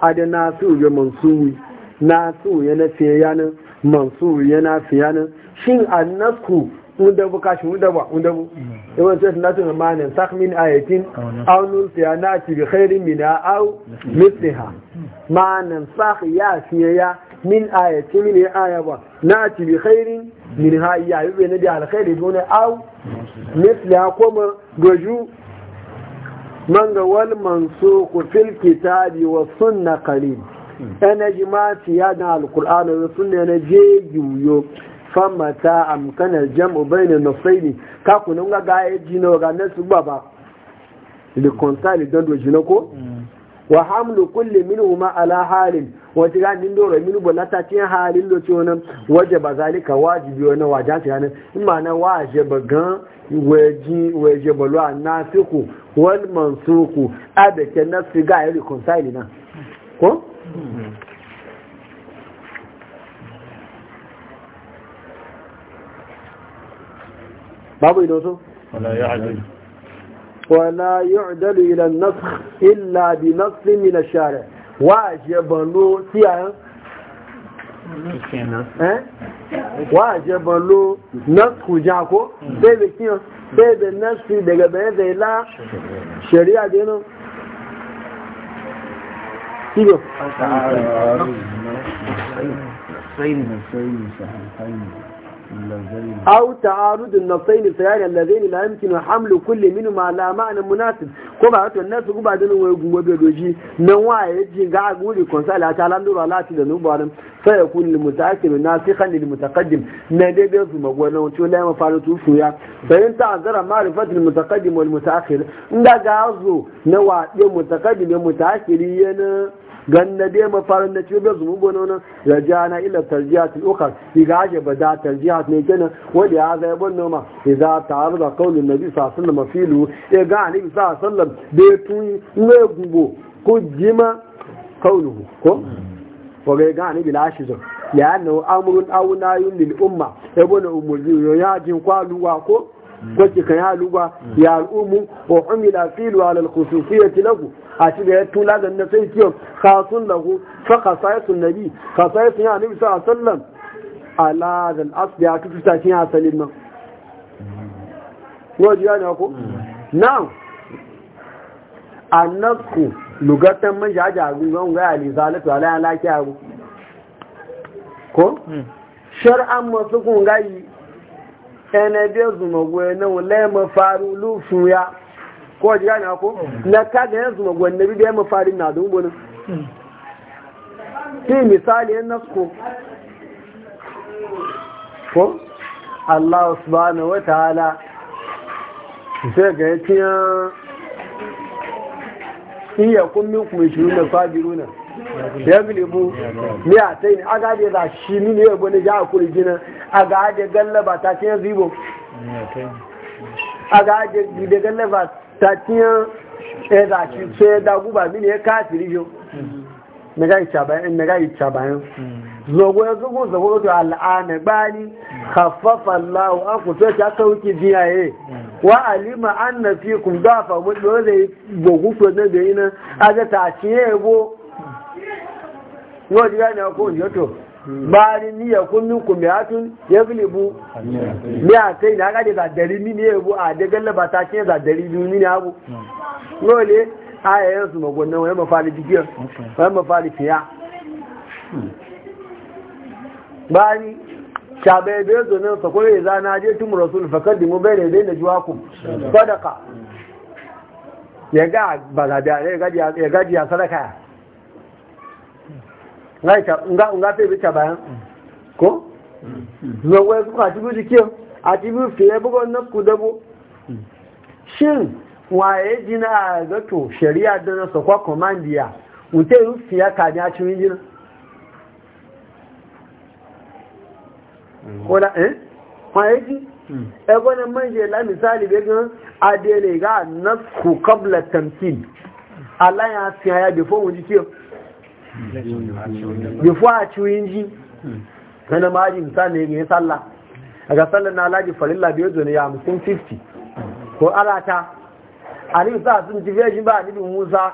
a da na su ya mansu na su ya na fiye yanin mansu ya na fiye yanin shin ku. undabu kashi undabu undabu mm-hmm. yawan sai sunatun amanin sakmin ayatin aw nunsiya na ci bi khairin mina aw misliha mm-hmm. ma'anan sakh ya fiya min ayati min aya ba na ci bi khairin min ha ya yi na da alkhairi dole aw misliha ko ma gaju man ga wal mansuku fil kitabi wa sunna qalil ana mm-hmm. jima'a ya da alqur'ana wa sunna na je yuyo fama ta amkanar jam'u bai ne na faini kakunan ga na jina ga su ba ba da konsali don doji na ko mm. wa hamlu kulle min huma ala halin wata ganin doro min bulata cikin halin loci wani waje ba zalika wajibi wani wajen ta yanar in ma na waje ba gan waje ba luwa na suku wal mansuku a na su ga ya rikonsali na ko mm. babu ido so wala yu'dalu ila an-nasakh illa bi nasl min ash-shari' wajiban lo ti eh? ayan eh wa lo nasku ja ko hmm. be kiyo daga bayan da shari'a dinu أو تعارض النصين الثيان الذين لا يمكن حمل كل منهما على معنى مناسب كما أتوا الناس كما أدنوا ويقوموا بيدوجي نواع يجي قاعد يقول كونسا لا تعلم دور لا تدنوا بارم فيكون المتأكد ناسخا للمتقدم نادي بيضو مقوانا وتو لا مفارتو شويا فإن تعذر معرفة المتقدم والمتأخر ندا قاعدوا نواع يمتقدم يمتأخر ينا ganna dai mafarin da cibe zumu gono da rajana ila tarjiyat al-ukhra fi gaje da tarjiyat ne kenan wani ya zai bon noma idza ta'arada qawlun nabi sallallahu alaihi wasallam filu e ga annabi sallallahu alaihi wasallam be tun ne gubo ko jima qawluhu ko ko ga ga annabi lashi zo lianna amrun aw nayun lil umma e bon umul ya jin kwaluwa ko gwaji kan ya luba ya al'umu wa umila filu ala al-khusufiyyati lahu a ci da ya tula da na sai kiyo khasun lahu fa khasaisun nabi khasaisun ya nabi sallallahu alaihi wasallam ala zal asli a tutu ta kin asalin nan ko ji yana ko now annasku lugatan man ja ja gungan ga ali zalatu ala ala kiyabu ko shar'an masu kun gayi ene bi zuma gwe na wala ma faru lufu ya ko ya gane ko na ka ga yanzu magwanne bi da ya mafarin na dungunin ki misali yan nasko ko Allah subhanahu wa ta'ala sai ga yaciya iya kun min kuma nuna da sabiruna ya gulibu ni a ta yi aga da za shi nuna ya gwani ja a kurjina aga da gallaba ta ce zibo aga da gallaba tatiyan ẹ̀dà kí guba mini gúbà mí ní ẹ káàkiri zogo ya zugun zago to al'ana bani khaffafa Allah an ku sai ta sauki biyaye wa alima anna fikum dafa mu dole gogu to da ina aga ta ciye go wo diga ne ko bari ni ya kun min kun atun ya gulibu miya kai na ga za dari ni ne bu a da labata ta za dari biyu ni ne abu dole a yayin su magwanna wani mafali jikiyar wani mafali fiya bari shabai bai zo nan sakwai zana je tun rasul fakar dimu bai da dai na ku sadaka ya ga ba zabi ya gaji ya sadaka ya. nga fẹ́ ìbíkà bayan kó lọ́wọ́ ẹkùn àti bí jíkí àti bí fẹ́ bọ́gọ́ náà kú dẹ́bọ́ ṣín wọ́n àyè a zato ṣẹ̀rí àdánà sọ̀kọ́ kọ̀mándì à ń tẹ́ ìlú fìyà kà ní aṣíwí jìnà wọ́n àyè jí ẹgbọ́n na e manje eh? e e la misali bẹ́ gan adẹ́lẹ̀ ga náà kù kọ́bla ya fi a ciwon ji wani maji misali ne yin sallah a ga sallah na alaji farilla biyu zuwa ya musun 50 ko alata ali sa sun ci fiye shi ba a nibin musa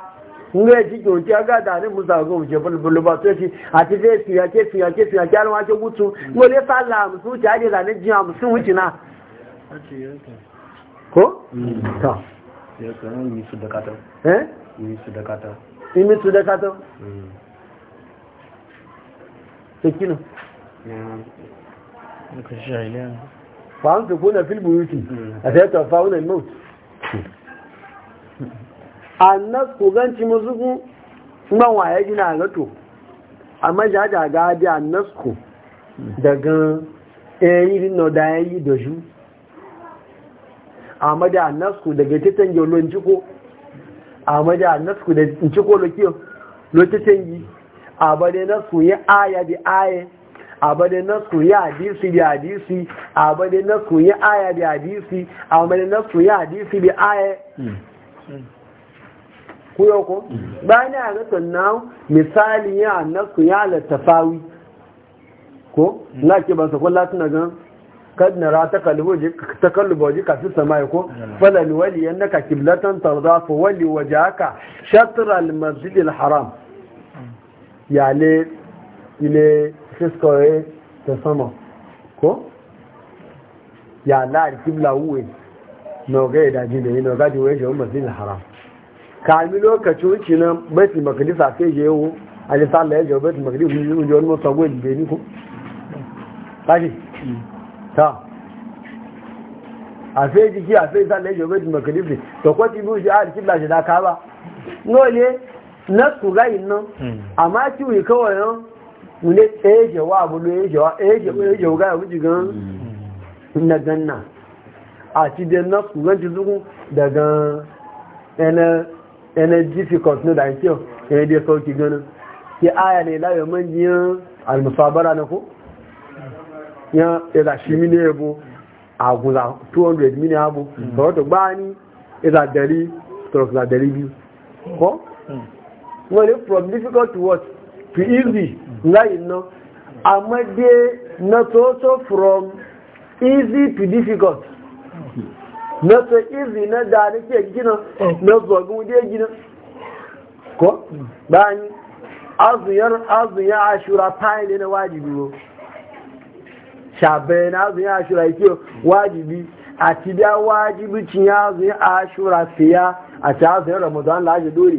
in ga ji kyauki a ga danin musa ga wuce bulbulu ba so shi a ci fiye fiye ke fiye ke fiye ke alwa ke gutu wani sallah musu wuce ake zane ji a musun wuce na ko? ta ya kanan yi su da katon eh? yi su da katon yi su da sakina fa'an ta kuna fil buyuti a sai ta fa'unan maut annas ku ganci muzugu man waye gina gato amma jaja ga di a ku daga eyi na da ya yi da ju amma da a ku daga titan yolon ciko amma da a ku da ciko lokiyo lokitan yi abade na su yi aya bi aya abade na su yi hadisi bi hadisi abade na su yi aya bi hadisi abade na su yi hadisi bi aya hmm. kuyo ko hmm. bayan ya ga na misali ya annasu ya tafawi ko hmm. na ke ba sa kullu tuna gan kad nara takalluba wajika fi samai ko falal wali annaka qiblatan tarda wali wajhaka shatr al masjid al haram yale ile fiskore ta sama ko ya la'ar kibla wuwe na ga ya daji da yi na wai shawun masjidin haram kami lokacin wuce nan baitul makalisa sai je yiwu a lisa Allah ya jawo baitul makalisa sun yi wani masu agwai da ni ko ta a sai jiki a sai isa Allah ya jawo baitul makalisa to kwaci biyu shi a ka ba nole na su rai nan hmm. amma kiwi kawai nan wune tsaye jawa abu ne ya jawa ga yawu jigan hmm. na ganna a ti da na su ganci zuku daga yana difficult na da kyau yana da sauki ganin Ki aya ne laye manyan almusabara na ku ya ila shi mini yabo a guza 200 mini abu hmm. ka wata gbani ya da dari 200 biyu ko? wọ́n from difficult to what to easy láyé àmọ́dé not also from easy to difficult not so easy na dáadé kí èjì náà na zọ̀gún dé èjì náà kọ́ báyìí aṣúra na wájìbí o ṣàbẹ̀ aṣúra o wájìbí àti bí a wájìbí kí aṣúra fìyà àti ramadan lórí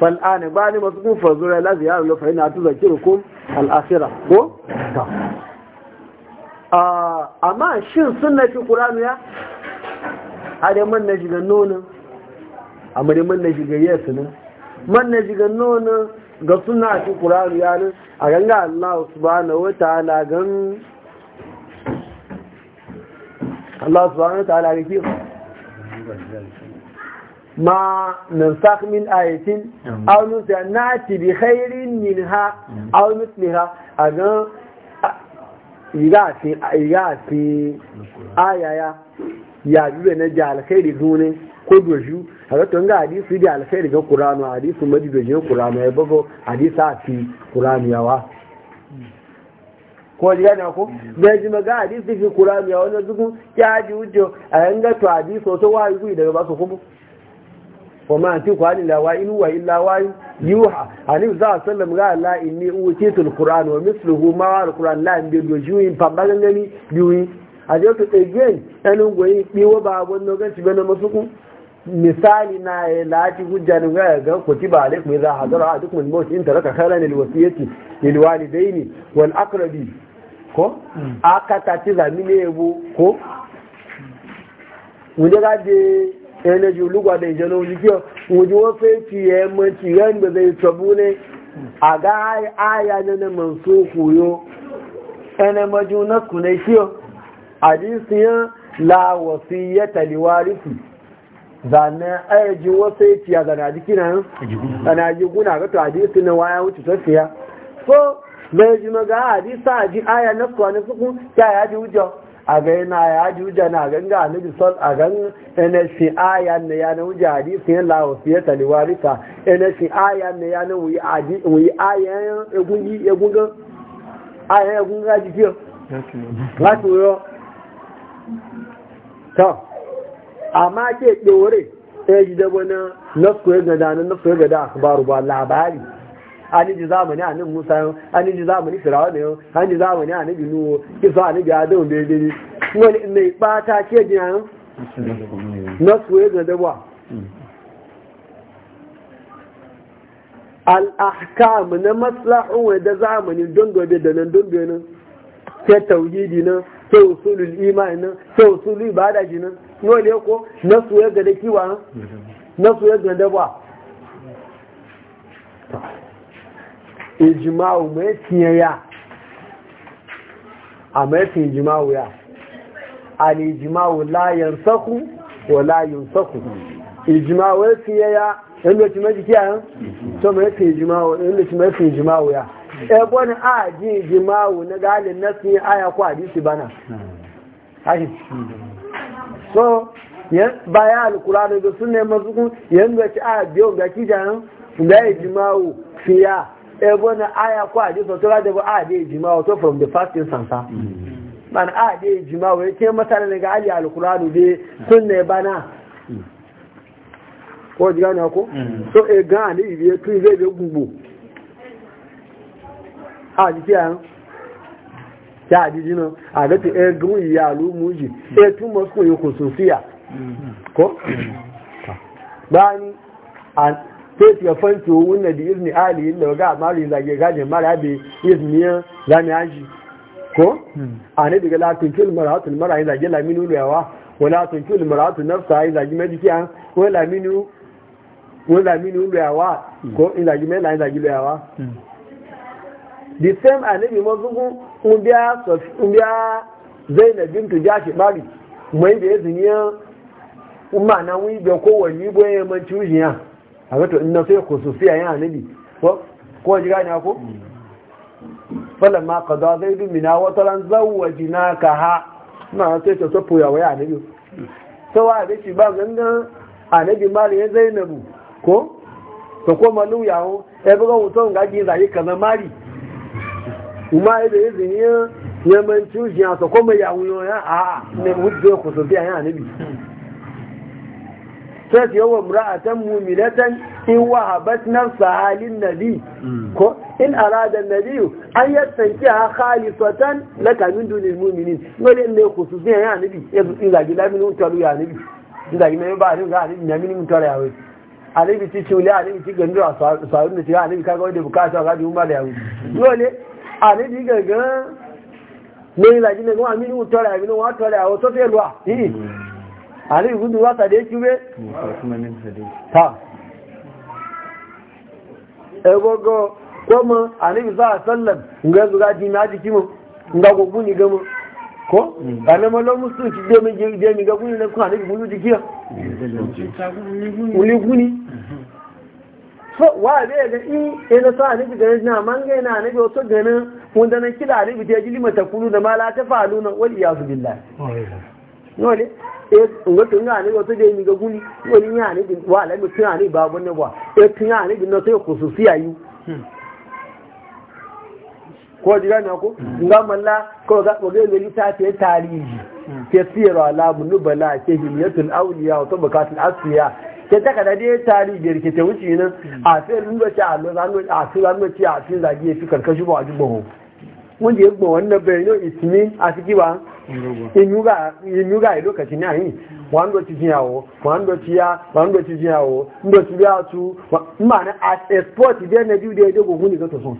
fal'ani ba ni masu kufa zura lafi ya rulo fahimta a tuzar kiri ko al'asira ko ta amma suna fi ƙuranu ya hada man na amma da man na shiga man na shiga nonin ga suna fi ƙuranu ne a ganga allahu su ba na wata lagan ما ننسخ من آية أو نأتي بخير منها أو مثلها أنا يغافي يغافي آية يا يا بيبي نجا الخير زوني kodoju haka to nga hadisi da alkhairi ga qur'ani hadisi madidojin qur'ani ya bago hadisi a fi يا yawa ko jiya na ko da ji maga hadisi fi qur'ani ya na zugun ya ji wujo a yanga to hadisi to wa yi daga ba su kuma وما أنتك عن za وإلا وائن يوحى عليه الصلاة والسلام قال لا إني أوتيت القرآن ومثله ما القرآن لا إن biwi ajo to again biwo ba masuku misali na e ya lati hujjanin ga ga kutiba alaikum idza hadara ahadukum al in taraka khairan al-wasiyati lil wal ko hmm. akata ti ko wunde ga de energy olugwa da na ojikiyar wajen wasu ci ya yammanci yan da zai tabu ne a ga aya e na na manso koyo ɗana maju na kunashiyar hadisiyan la wasiyyata liwarisi zane ayyaji wasu ci ya zana jikina zana ya ga to hadisi na waya wuce ya so a ji aya na kwanan sukun ya yaji ụjọ. a na ya ji na ganga a nabi a gan ya na wuja hadisi ya lawo fiye ta liwarisa ene ya na wuyi aya egun yi egun gan aya egun amma ke ɗore ya ji dabo na nasu ya gada na nasu gada a ba Ani ji zamani a nan musa yau an ji zamani firawa da yau ani ji zamani a nabi nuwo kisa a nabi adam da yadda wani mai bata ke jina yau na suwe ga dabuwa al'ahkam na maslahun da zamani don gobe da nan don benin ke tauhidi nan ke usulul imani nan ke usulul ibada ji nan yau ko na suwe ga da kiwa nan na suwe ga dabuwa ijima'u ma tinye ya a mafi ijima'u ya an ijima'u layan saku wa layin saku ijima'u ya tinye ya inda ci mafi kiyayen to mafi ijima'u inda ci ya ẹgbọ́n ni a jí ijima'u na galin na sun yi aya ko hadisi bana so bayan alkura daga sun ne masu kun yadda ci a biyo ga kijayen da ijima'u fiya ebe na aya kwa hadisi to ga da ba a da e ijma to from the first instance mm. man a da e ijma wai ke e masala daga ali alquranu dai sunne bana mm. ko jiga ne ko mm. so e ga ni ibe tu ibe be gugbo a ji ti an ya ji jino a ga ti e gun ya lu ji e tu mo ko yo ko sofia ko bani an sai ya fanci wunna da izini ali inda ga mari zage gaje mara bi izini ya zami aji ko hmm. a ne daga latin kil maratul mara zage laminu yawa wa latin kil maratul nafsa zage mediki an ko laminu ko laminu yawa ko in zage mai lai zage yawa hmm. the same anabi mazugu umbiya umbiya zainab bintu jashi bari mai da izini ya umma na wuyi da kowanne boye man ciwujiya a gato ina sai kususiya yana nabi ko ji gani ko falon ma ka za zai dumina wata ran zawaji na ka ha na sai ta soppo ya waya nabi sau a gaci ba gangan a nabi mari ya zainabu ko ta koma luyawo ya e buga wutan gaji zai kaza mari kuma e ya da izini ya manci shi ya sa koma ya wuyo ya a ne wuce kususiya yana nabi sai su yawan ra'atan mumilatan in wahabat nafsa sahalin nabi mm. ko in arada nabi an yi yastanki ha khalifatan na kamin dunil mu'minin ngole ne khususi ya anibi ya in zagi la min utaru ya anibi in zagi mai ba rin ga nabi ya min utaru ya wai anabi ti ciwle anibi ti gandu a sa'adun da shiga anabi kaga wadda bukata ga biyu ba da yawo ngole anabi gangan ne zagi ne ga aminu utaru ya min wa utaru ya wa to ali gudu wa sade kiwe ta ebogo kuma Ali bi sa sallam nga zuga na ji mu nga buni mm. ga gama ko kana malo musu ci de mi de mi buni ne ko bi buni jiki ya uli buni? so wa be ga e ina sa anabi ga na manga ina anabi wato gana ga na kila bi ta ji mata kulu da mala ta faluna wal iyazu billahi nole Eh, ngoto nga ne ngoto de miga guni wani nya ne din wa la mutu ne ba eh, ne ba e tinya ne din no to siya yi. Hmm. ko diga na ko hmm. nga malla ko ga ko ga ne ta ce tarihi tafsir hmm. ala nubala ke himyatul awliya wa tabaqatul asfiya ke ta da dai tarihi ke ta wuce nan a sai mun ga ta Allah zanu a sai zanu ci a sai zage fi karkashi ba a jibo mun je gbo wannan bayanin ismi a cikin ba inyuga lokacin yayin wanda ci jiyawo wanda ci ya wanda ci jiyawo inda ci su mana as export na biyu da ya dogo huni ga tosun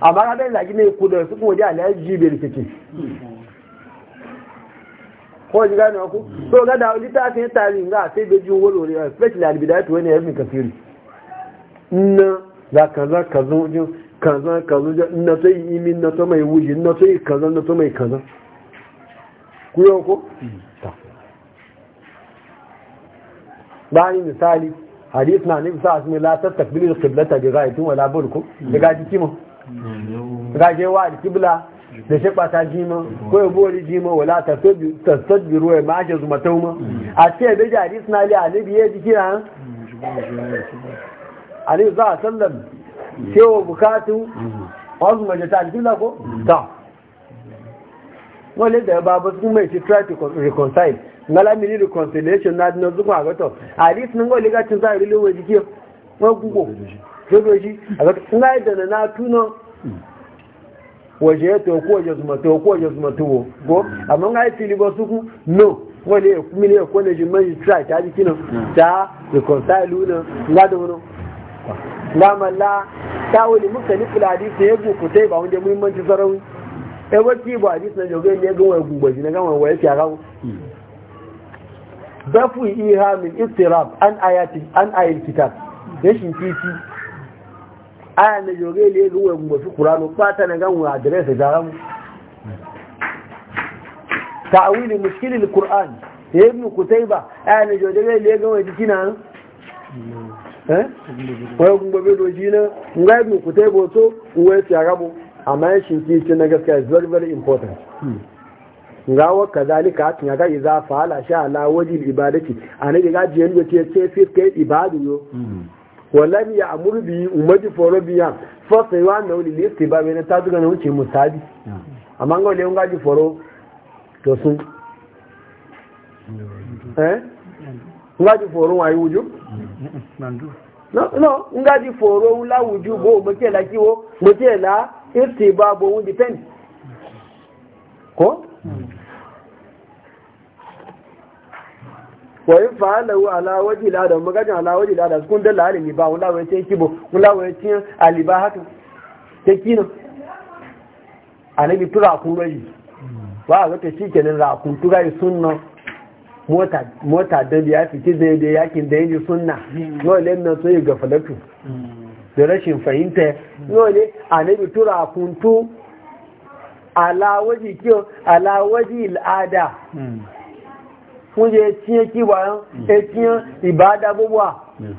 amma ka dai zagi ne ku da su kuma da alaji bai rikici ko ji gane ku so ga da ulita ta yi tari ga wolo ne especially albidatu wani yabin kafiri na za ka za ka kaza na sai na to mai wuji na sai kaza na to mai kuyo ko hmm. bani misali hadith na nabi sallallahu alaihi wasallam la tastaqbilu qiblata bi ghaitin wala burku hmm. daga jiki mu hmm. daga je wa qibla da shi ta jima ko ya bori jima wala ta tasabbi ruwa ma ake zuma tauma a ce da jari na li alibi ya jiki na alibi za a sallam cewa bukatu wasu majata alkila ko ta wọ́n lè dẹ̀ bá bọ́ sí mẹ́ ti try to reconcile Ngalamini reconciliation na dínà zuwa àgọ́tọ̀ hadis ní wọ́n lè jodoji sáà ngai da na wọ́n waje to ko je zuma to ko je zuma to go amma ngai fili ba suku no wale ne ko ne jima'i try ta jiki nan reconcile ta ya ba wanda muhimmanci ewe ki ibo hadisi na joge ne gan wani gugbaji na gan wani waye kyara dafu iha min istirab an ayati an ayil kitab rashin titi aya na joge ne gan wani gugbaji kurano fata na gan wa wani adresa gara mu ta'awili al qur'an ya ibn kutaiba aya na joge ne gan wani jikina eh wani gugbaji dojina ngai ibn kutaiba to uwe kyara mu amma shinkici na gaskiya is very very important gawa kazalika hatin ya ga iza fa'ala sha ala wajib ibadati ani ga jiyan da ce ce fit kai ibadu yo wallahi ya amuru bi umaji foro fa sai wa na wuli listi ba ne ta duka na wuce musabi amma ga le ngaji foro to sun eh ngaji foro wa yuju no no ngaji foro la wuju bo mo ke la kiwo mo ke la irti babu wun depend ko wọ́n fa aláwọ̀ aláwọ̀dì ìlàdà magajin aláwọ̀dì ìlàdà kún dẹ́là alìlìbá wọn láwọn ẹ̀tí kíbò wọn láwọn ẹ̀tí haka wọ́n àgọ́tẹ̀ sí ìkẹ̀lẹ̀ ràkún tó ráyì mota ya fi yakin da yanzu sunna náà lẹ́nà tó ga gafalatu hmm. da rashin fahimta yau ne annabi tura kuntu ala waji kiyo ala waji al'ada hmm. kun je tiye kiwayen hmm. e tiye ibada bubuwa hmm.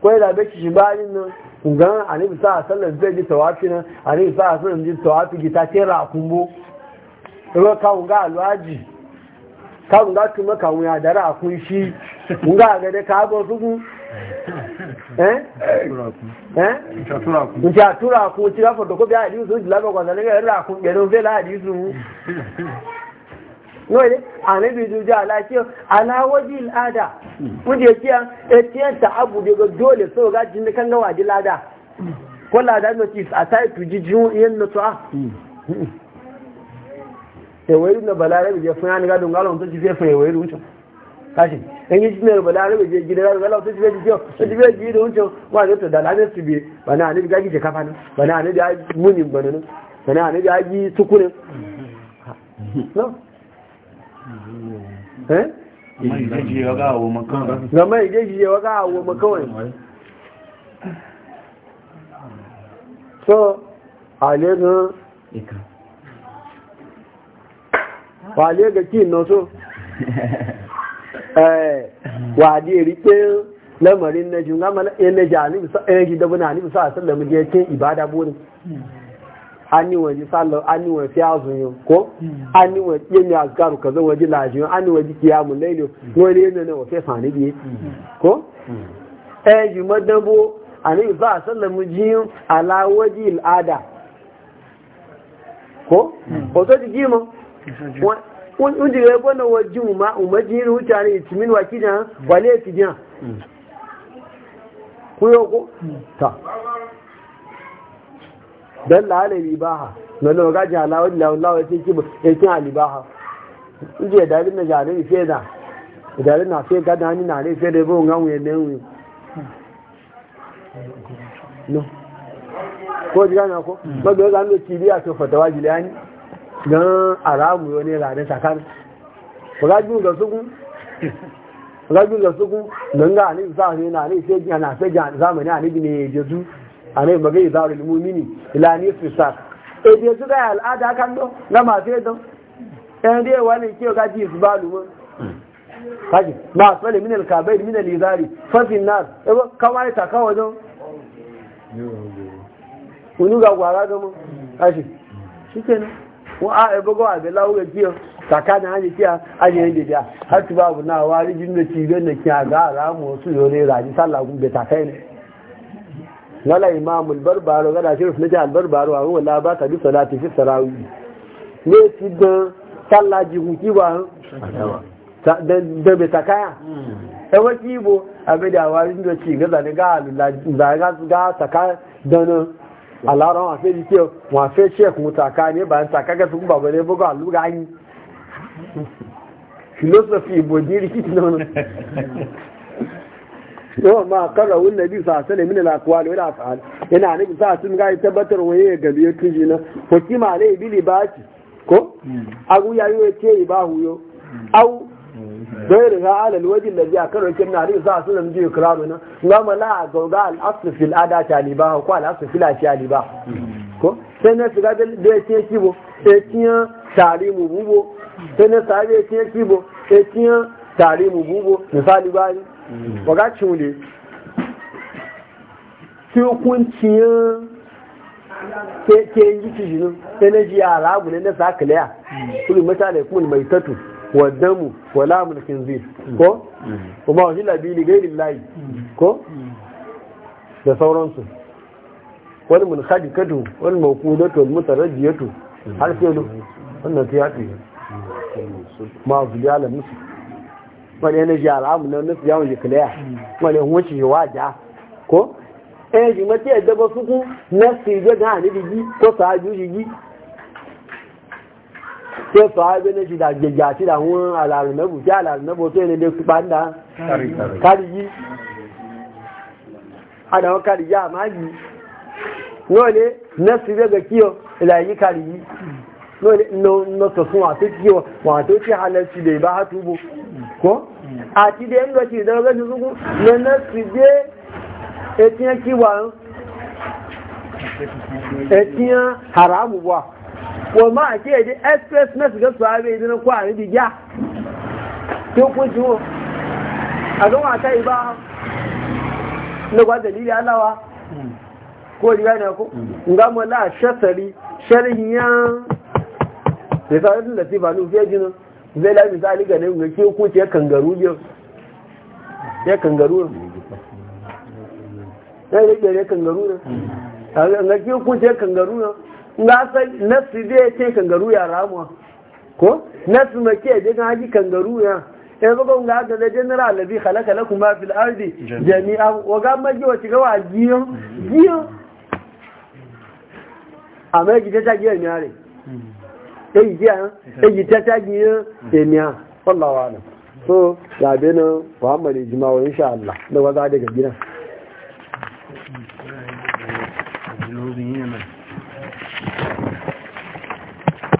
kwai da bai shi bayanin nan kun gan annabi sa sallan zai ji tawafi nan annabi sa sallan ji tawafi gita ce rakumbo ruwa kawun ga alwaji kawun ga tuma kawun ya dara kun shi kun ga ga da ka nti atura kun ti ka fotoko bi adi usu jula bɛ kɔsɔn ne ka yɛrɛ kun gbɛdɛ o fɛ la adi usu n'o ye ale bi dudu ala ti ala waji lada o de tiɲɛ e ta abu de ko dole so ka jindi kan ka waji lada ko lada n'o a n'o to a. na balare bi kashi ɗan yi cinar ba larabe je gida larabe lau ta cibe jikin ta cibe jikin da wancan wa zai ta da larabe su biye ba na anabi gaji jakafa nan ba na anabi gaji munin ba nan ba na anabi gaji sukunin no eh gama ije shi yawa ga awo makawai so alegan wa alegan kin no so Eh, wadi rike lamarin na juna mana yana ji anibi yana ji dabuna anibi sa sallar mu je cin ibada burin ani waje sallar ani waje fi azun ko ani waje yemi azgaru kaza waje lajiyo ani waje kiyamu lailu wani yana na wafe fani biye ko eh ji madabo anibi sa sallar ji ala waje al'ada ko ko hmm. to ji mo Undi ga ebo na waji umma umaji ni huta ne itimin wa kijan wale kijan kuyo ko ta dan la ala libaha na lo ga jala wani la la wa tiki bu yake alibaha unji da din na jale ni feda da din na fe ga dani na le feda bo ngan we ne we no ko jira na ko ba ga ga no tiliya to fatawa jilani gan aramu yau ne rane tsakani ƙulajin ga sukun ƙulajin ga sukun nan ga anibi sa ne na anibi sai na sai zamani anibi ne ya jesu anibi magai ni limomini ilani su sa e je su kai al'ada kan don na masu yadda ɗan dai e wani kiyo kaji su ba lumun kaji ma asali min alkabai min alizari fasin nas e kawai ta kawai don kunu ga gwara gama kashi shi kenan wọ́n á ẹgbọ́gọ́ àgbẹ̀ láwúrẹ̀ tí ọ kàkà náà ní kí a yẹ ń dèdè àti báàbù náà wá rí jínú ti ilé nìkí àgbà àràmù oṣù lórí rà ní sálàgùn bẹ̀tà fẹ́ni lọ́la ìmáàmù ìbárùbárò gádà sí ìfúnlẹ́jà ìbárùbárò àwọn wọ̀lá bá tàbí sọ̀lá ti fi sọ̀rọ̀ àwùjọ ní ti gan sálàjì kù kí wà dẹ̀bẹ̀ takáyà ẹwọ́ ti alára wọn àfẹ́ ìdíkẹ́ wọn àfẹ́ ẹ̀kùn tàkà ní ẹbà ń tàkà gẹ́sù fún bàbá ilé bọ́gọ́ àlúgà yìí filosofi ìbò ní rikítì náà yawan ma kọ́rọ̀ wun nabi sa sane ya na غير على الوجه الذي أكره كنا عليه صلى الله a وسلم يكرارنا وما لا غوغا الأصل في الأداة تالبا وقال الأصل في الأشياء Ko sai na shiga da ya kibo etiyan tare mu bubo sai na tare ya tiyan kibo etiyan tare mu bubo misali bani waga cimule sai hukunciyan ke yi kishinin sai na ji a abu ne na sakaliya kuma mutane kuma mai tatu والدم ولام الخنزير كو وما وجل به لغير الله كو da sauransu wani munhadikatu wani mawqudatu wani mutarajjiyatu har sai lu wannan ta yafi ma su jala musu wani ne jala mu nan nasu yawon jikliya wani hunci waja ko eh jimati da ba su ku nasu ga ga ni bigi ko sa juji sai sahabi na shida gaggaci da hun alalu na buki alalu na boto ne dai su banda karigi ana wa karigi a magi nole na su ga kiyo ilayi karigi nole na su sun wato kiyo wato da ba ko a ti da da haramu wa ma ke ji express na shiga su abe idina ko a ribi gya ko ku ji wo a ga wa kai ba na gwa dalili alawa ko ji gane ko nga mu la shasari sharhiya da ta yi da tiba nu fiye jinu zai la misali ga ne ga ke ku ce kangaru ji ya kangaru ne ya rike ne kangaru ne a ga ke ku ce kangaru ne nasu zai ce kangaru ya ramuwa ko nasu make da kan haji kangaru ya in ga kun ga da general labi khalaqa lakum ma fil ardi jami'a. wa ga maji wa shiga wa giyo giyo amma gida ta ne nyare eh jiya eh gida ta giyo jami'a wallahi wa alam so ya bena Muhammad jima'a insha Allah da waza daga gidan